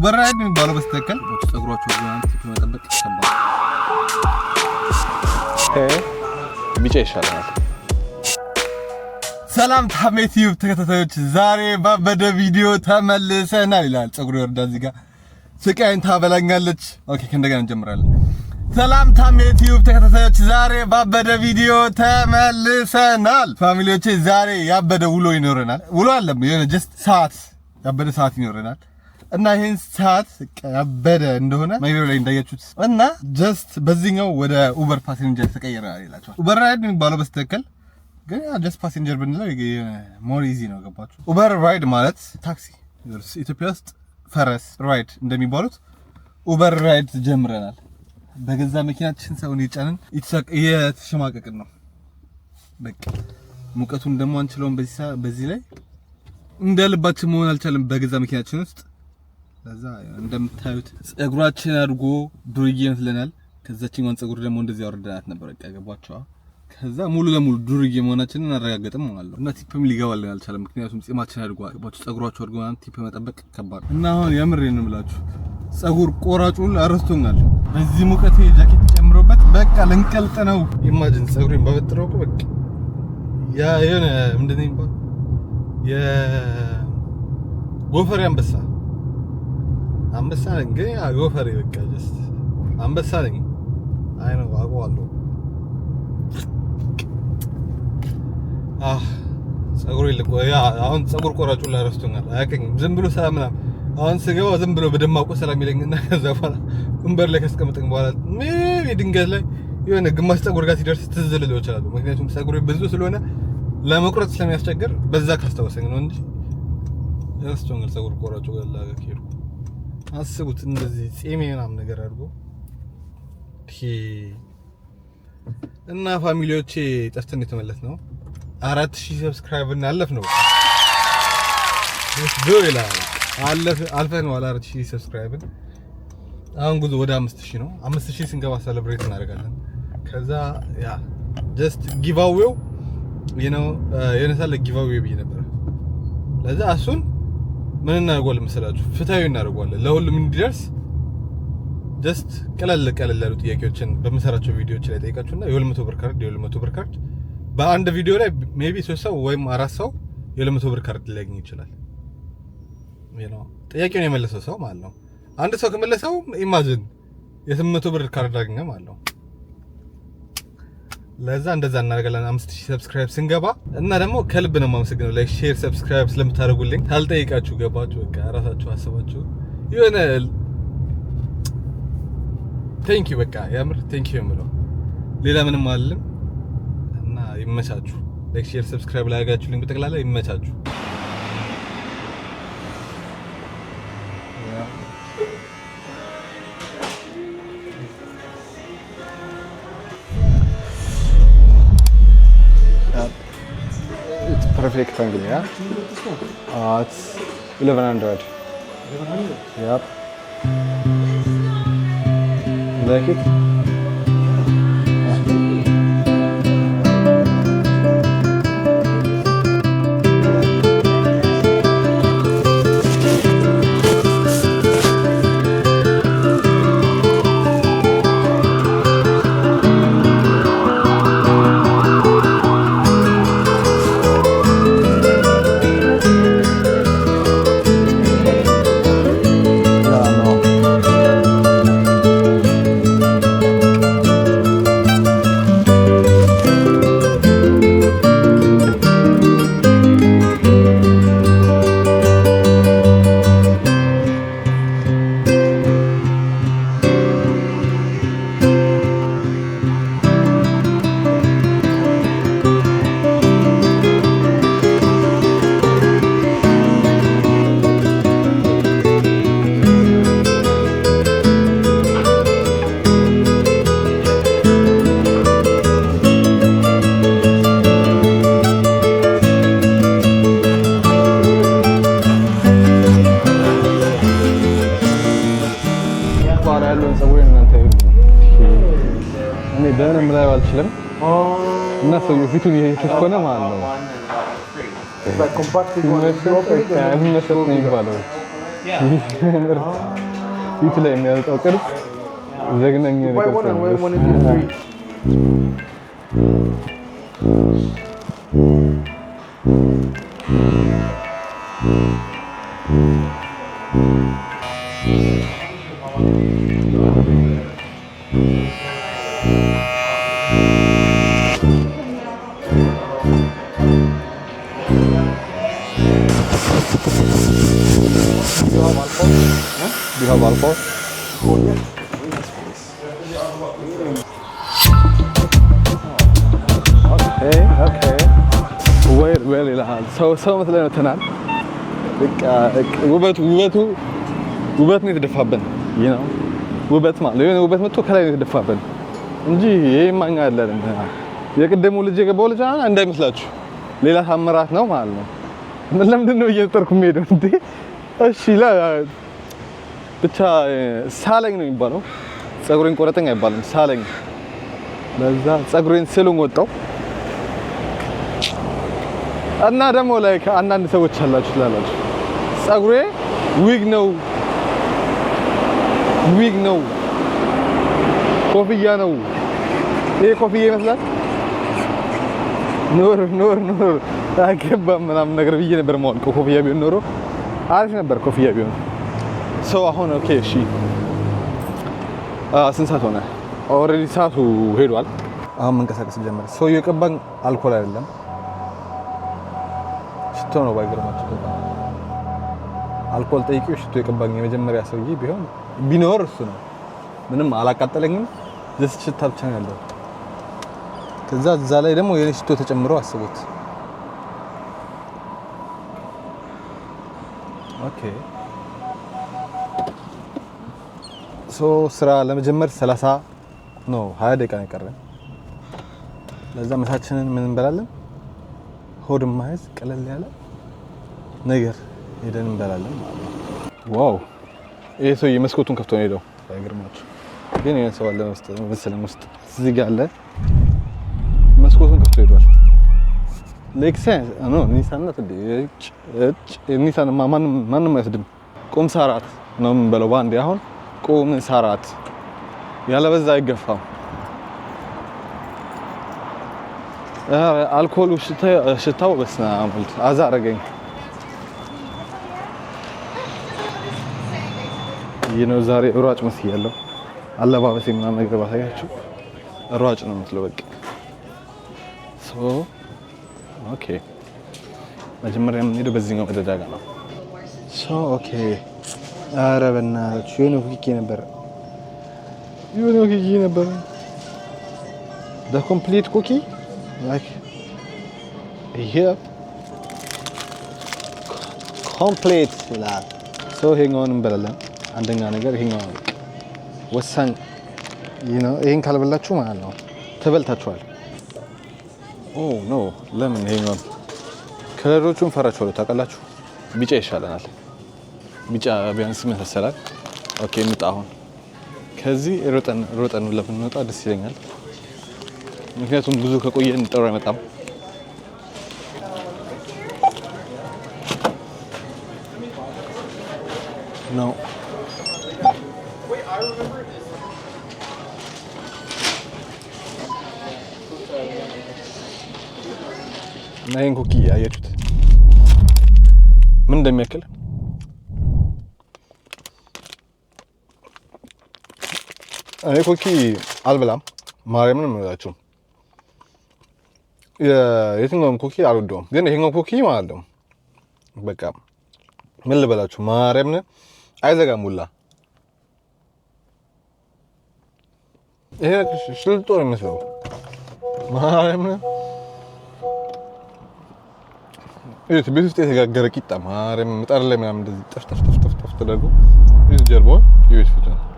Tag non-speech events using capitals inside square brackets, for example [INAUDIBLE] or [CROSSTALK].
ኡበራይድ የሚባለው በስተቀል ጸጉሯቸው መጠበቅ ይሰባል። ቢጫ ይሻላል። ሰላም ታሜ ዩብ ተከታታዮች፣ ዛሬ ባበደ ቪዲዮ ተመልሰናል ይላል። ጸጉሩ ይወርዳል። እዚህ ጋር ስቃይን ታበላኛለች። ኦኬ ከእንደገና እንጀምራለን። ሰላም ታሜ ዩብ ተከታታዮች፣ ዛሬ ባበደ ቪዲዮ ተመልሰናል። ፋሚሊዎቼ ዛሬ ያበደ ውሎ ይኖረናል። ውሎ አለም የሆነ ጀስት ሰዓት ያበደ ሰዓት ይኖረናል። እና ይህን ሰዓት ያበደ እንደሆነ መግቢያው ላይ እንዳያችሁት እና ጀስት በዚህኛው ወደ ኡበር ፓሴንጀር ተቀየረ ይላቸዋል። ኡበር ራይድ የሚባለው በስተክል ግን ጀስት ፓሴንጀር ብንለው ሞር ኢዚ ነው። ገባችሁ? ኡበር ራይድ ማለት ታክሲ። ኢትዮጵያ ውስጥ ፈረስ ራይድ እንደሚባሉት ኡበር ራይድ ጀምረናል። በገዛ መኪናችን ሰውን እየጫንን እየተሸማቀቅን ነው። በቃ ሙቀቱን ደግሞ አንችለውም። በዚህ ላይ እንደ ልባችን መሆን አልቻለም በገዛ መኪናችን ውስጥ ለዛ እንደምታዩት ጸጉራችን አድጎ ዱርዬ ይመስለናል። ከዛችኛዋን ጸጉር ደግሞ እንደዚህ አወርደናት ነበር። በቃ ገባችኋ? ከዛ ሙሉ ለሙሉ ዱርዬ መሆናችንን አረጋገጥም ማለት እና ቲፕም ሊገባልን አልቻለም። ምክንያቱም ጺማችን አድጎ አቅባችሁ ጸጉራችሁ አድጎ ቲፕ መጠበቅ ከባድ እና አሁን የምሬን ጸጉር ቆራጩን አረስቶኛል። በዚህ ሙቀት ጃኬት ጨምሮበት በቃ ልንቀልጥ ነው። ኢማጂን ጸጉሬን ባበጥረው እኮ በቃ ያ የሆነ ምንድን ነው የሚባለው የጎፈሬ አንበሳ አንበሳ ነኝ ግን አጎፈሬ በቃ ጀስት አንበሳ ነኝ። አይ ነው አውቀዋለሁ። ጸጉር ይልቆ ያ አሁን ጸጉር ቆራጩ ላረስቶኛል። አያውቅኝም ዝም ብሎ ሰላም ምናምን አሁን ስገባ ዝም ብሎ በደማቁ ሰላም ይለኝና [LAUGHS] ከዛ በኋላ ወንበር ላይ ካስቀመጠኝ በኋላ ምን ድንገት ላይ የሆነ ግማሽ ጸጉር ጋር ሲደርስ ትዝ ልለው ይችላል። ምክንያቱም ጸጉር ብዙ ስለሆነ ለመቁረጥ ስለሚያስቸግር በዛ ካስታወሰኝ ነው እንጂ ረስቶኛል። ጸጉር ቆራጩ ጋር ላገ ሄድኩ አስቡት እንደዚህ ጼሜ ምናምን ነገር አድርጎ እና ፋሚሊዎቼ ጠፍተን የተመለስ ነው። አራት ሺህ ሰብስክራይብ እናለፍ ነው ይላል አልፈን ዋላ አራት ሺህ ሰብስክራይብን አሁን ጉዞ ወደ አምስት ሺህ ነው። አምስት ሺህ ስንገባ ሰለብሬት እናደርጋለን። ከዛ ያ ጀስት ጊቫዌው የነሳለ ሳለ ጊቫዌው ብዬ ነበረ ለዛ እሱን ምን እናደርጓለን መሰላችሁ? ፍትሐዊ እናደርጓለን ለሁሉም እንዲደርስ ጀስት ቀለል ቀለል ያሉ ጥያቄዎችን በምሰራቸው ቪዲዮዎች ላይ ጠይቃችሁና የሁለት መቶ ብር ካርድ የሁለት መቶ ብር ካርድ በአንድ ቪዲዮ ላይ ሜቢ ሶስት ሰው ወይም አራት ሰው የሁለት መቶ ብር ካርድ ሊያገኝ ይችላል። ጥያቄውን የመለሰው ሰው ማለት ነው። አንድ ሰው ከመለሰው ኢማጅን የስምንት መቶ ብር ካርድ አገኘ ማለት ነው። ለዛ እንደዛ እናደርጋለን። አምስት ሺህ ሰብስክራይብ ስንገባ እና ደግሞ ከልብ ነው የማመሰግነው ላይክ፣ ሼር፣ ሰብስክራይብ ስለምታደርጉልኝ ታልጠይቃችሁ ገባችሁ። በቃ ራሳችሁ አስባችሁ የሆነ ቴንኪ በቃ የምር ቴንኪ የምለው ሌላ ምንም አልልም እና ይመቻችሁ። ላይክ፣ ሼር፣ ሰብስክራይብ ላያጋችሁልኝ በጠቅላላ ይመቻችሁ። Perfecting, yeah? Uh, it's 1100. 1100? Yep. Like it? አይችልም እና ሰውዬው ፊቱን የሄዱት ማለት ነው መሰጥ ነው የሚባለው። ፊት ላይ የሚያወጣው ቅርጽ ዘግናኝ ነገር Do you have alcohol? Okay, okay. Where, where إلى هذا؟ سو سو مثلا تنال. ውበቱ ውበቱ ውበት ነው የተደፋብን። ውበት ማለት ውበት መጥቶ ከላይ ነው የተደፋብን። እንጂ ይሄም እኛ አይደለም። የቅድሙ ልጅ የገባው ልጅ እንዳይመስላችሁ ሌላ ታምራት ነው ማለት ነው። ለምንድን ነው እየጠርኩ የምሄደው እንዴ? እሺ ብቻ ሳለኝ ነው የሚባለው። ፀጉሬን ቆረጠኝ አይባልም፣ ሳለኝ። ለዛ ፀጉሬን ስሉን ወጣው እና ደግሞ ላይ አንዳንድ ሰዎች አላችሁ ትላላችሁ፣ ፀጉሬ ዊግ ነው ዊግ ነው ኮፍያ ነው። ይሄ ኮፍያ ይመስላል። ኑር ኑር ኑር አገባም ምናምን ነገር ብዬ ነበር የማወልቀው። ኮፍያ ቢሆን ኖሮ አሪፍ ነበር። ኮፍያ ቢሆን ሰው አሁን ኦኬ። እሺ ስንት ሰዓት ሆነ? ኦልሬዲ ሰዓቱ ሄዷል። አሁን መንቀሳቀስ ጀመረ። ሰው የቀባን አልኮል አይደለም ሽቶ ነው። ባይገርማችሁ አልኮል ጠይቂው ሽቶ የቀባኝ የመጀመሪያ ሰውዬ ቢሆን ቢኖር እሱ ነው። ምንም አላቃጠለኝም። ጀስት ሽታ ብቻ ነው ያለው። ከዛ እዛ ላይ ደግሞ የኔ ሽቶ ተጨምሮ አስቡት። ኦኬ ሶ ስራ ለመጀመር 30 ነው 20 ደቂቃ ነው የቀረን። ለዛ መሳችንን ምን እንበላለን? ሆድ ማይዝ ቀለል ያለ ነገር ሄደን እንበላለን ማለት ነው። ዋው! ይሄ ሰውዬ መስኮቱን ከፍቶ ነው ሄደው አይገርማችሁ? ግን ይሄን ሰው አለ መሰለኝ ውስጥ እዚህ ጋር አለ። መስኮቱን ከፍቶ ሄዷል። ሌክሰስ አኖ ኒሳን ናት እንደ እጭ እጭ ኒሳን ማንም ማንም አይወስድም። ቁም ሳራት ነው የምንበለው በአንዴ አሁን ቁም ሳራት ያለበዛ አይገፋም። አልኮሉ ሽታው በስና አዛ አረገኝ። ይህ ነው ዛሬ ሯጭ መስያለሁ። አለባበሴ ምናምን ነገር ባሳያችሁ ሯጭ ነው የምትለው በቃ። ሶ ኦኬ፣ መጀመሪያ የምንሄደው በዚህኛው መደዳ ጋር ነው። ሶ ኦኬ። ኧረ በእናትሽ የሆነ ሁኪኪ ነበር፣ የሆነ ሁኪኪ ነበር። ኮምፕሊት ኩኪ ላይክ ሂር ኮምፕሊት ይላል። ሶ ይሄኛውን እንበላለን። አንደኛ ነገር ይሄኛው ነው ወሳኝ ይህን ካልበላችሁ ማለት ነው ተበልታችኋል። ኦ ኖ ለምን ይሄኛውን ከለሮቹን ፈራችሁ ወደ ታውቃላችሁ። ቢጫ ይሻለናል። ቢጫ ቢያንስ ይመሳሰላል። ኦኬ እንውጣ። አሁን ከዚህ ሮጠን ሮጠን ለምንወጣ ደስ ይለኛል። ምክንያቱም ብዙ ከቆየን ጥሩ አይመጣም። ነው እና ይህን ኩኪ አያችሁት ምን እንደሚያክል እኔ ኩኪ አልበላም። ማርያምን እምላችሁ የትኛውም ኩኪ አልወደውም፣ ግን ይሄኛው ኩኪ ማለት ነው በቃ ምን ልበላችሁ፣ ማርያምን አይዘጋም ሁላ ይሄ ሽልጦ ነው የሚመስለው ማርያምን ቤት ውስጥ የተጋገረ ቂጣ ማርያም ምጣድ ላይ ምናምን እንደዚህ ጠፍ ጠፍ ተደርጎ ጀርባውን የቤት ፊት ፍጥነት